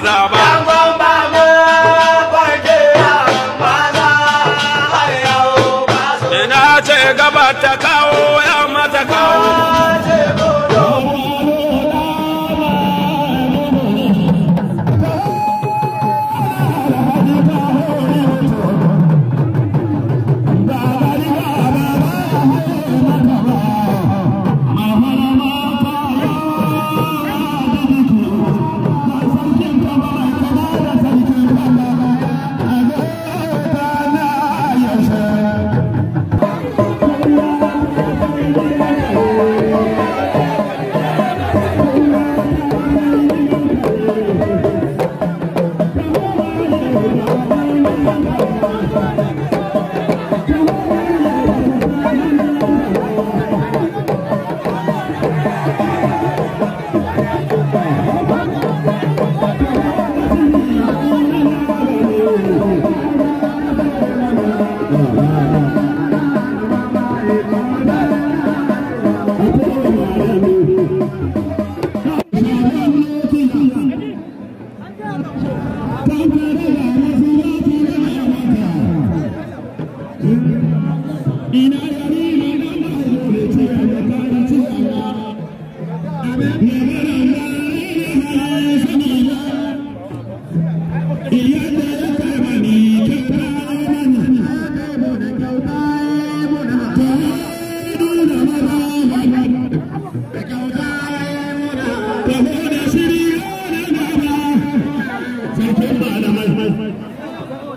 Brother.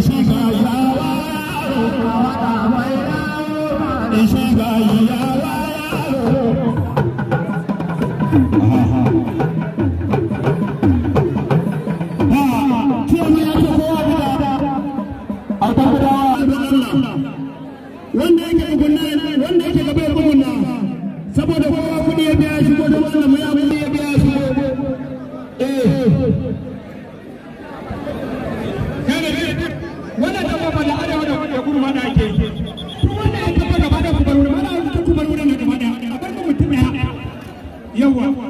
ishiga yawa yaro ka wanda yake saboda one.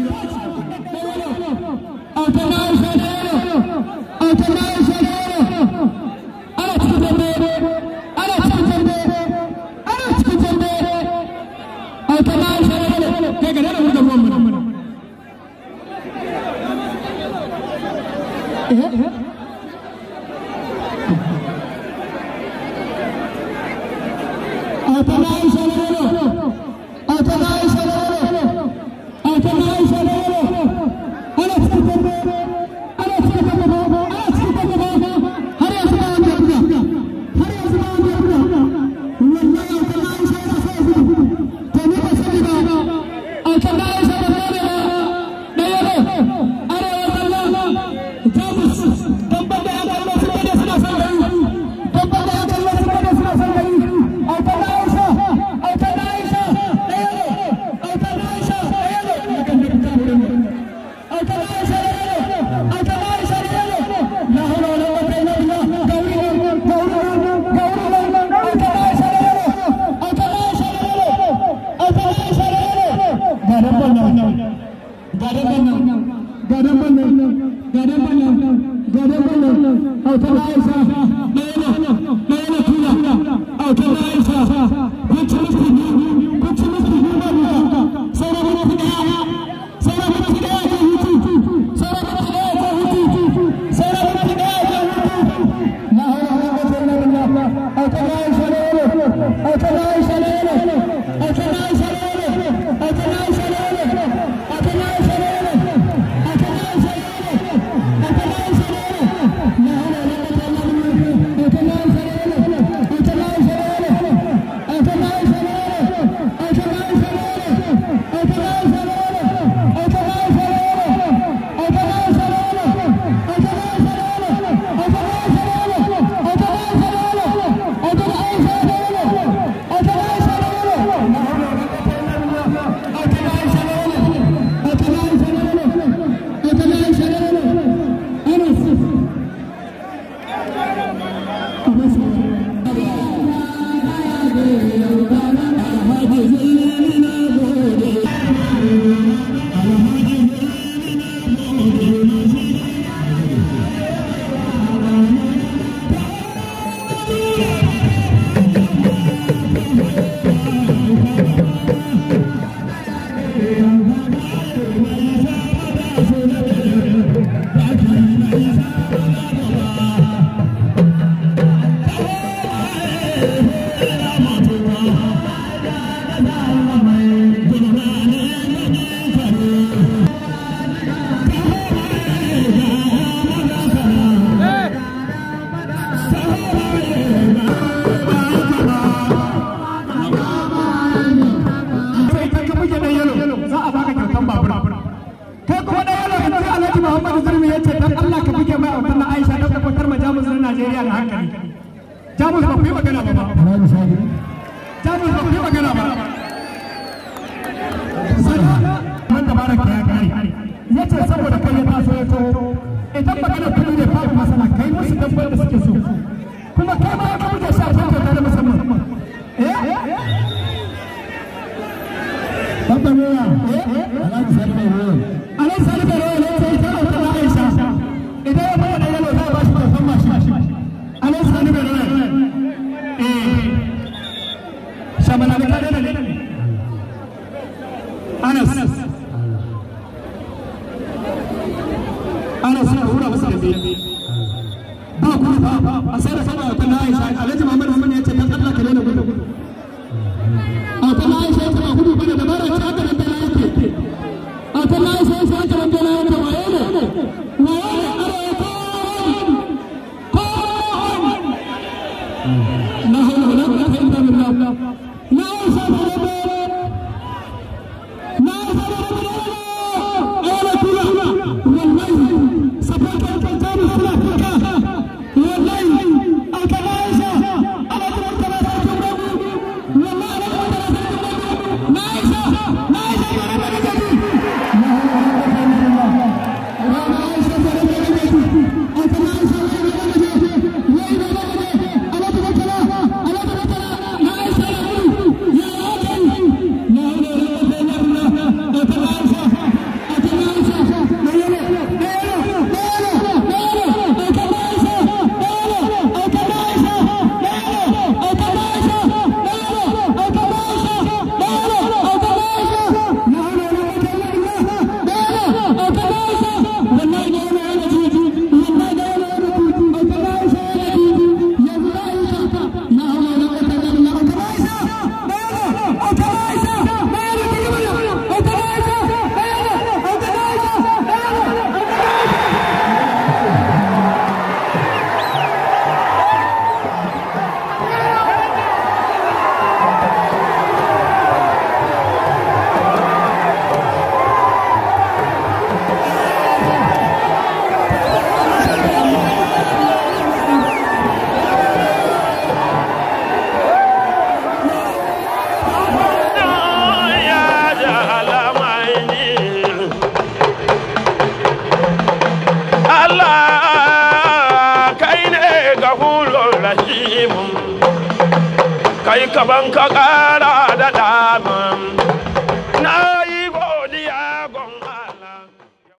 Aplausos. Najeriya da hankali jamus ba ku yi magana jamus ba ku yi magana ba man da bara kaya kare ya ce saboda kai ya a sarrafa ta na Aisha Alhaji kai kaban ka ƙara da dama.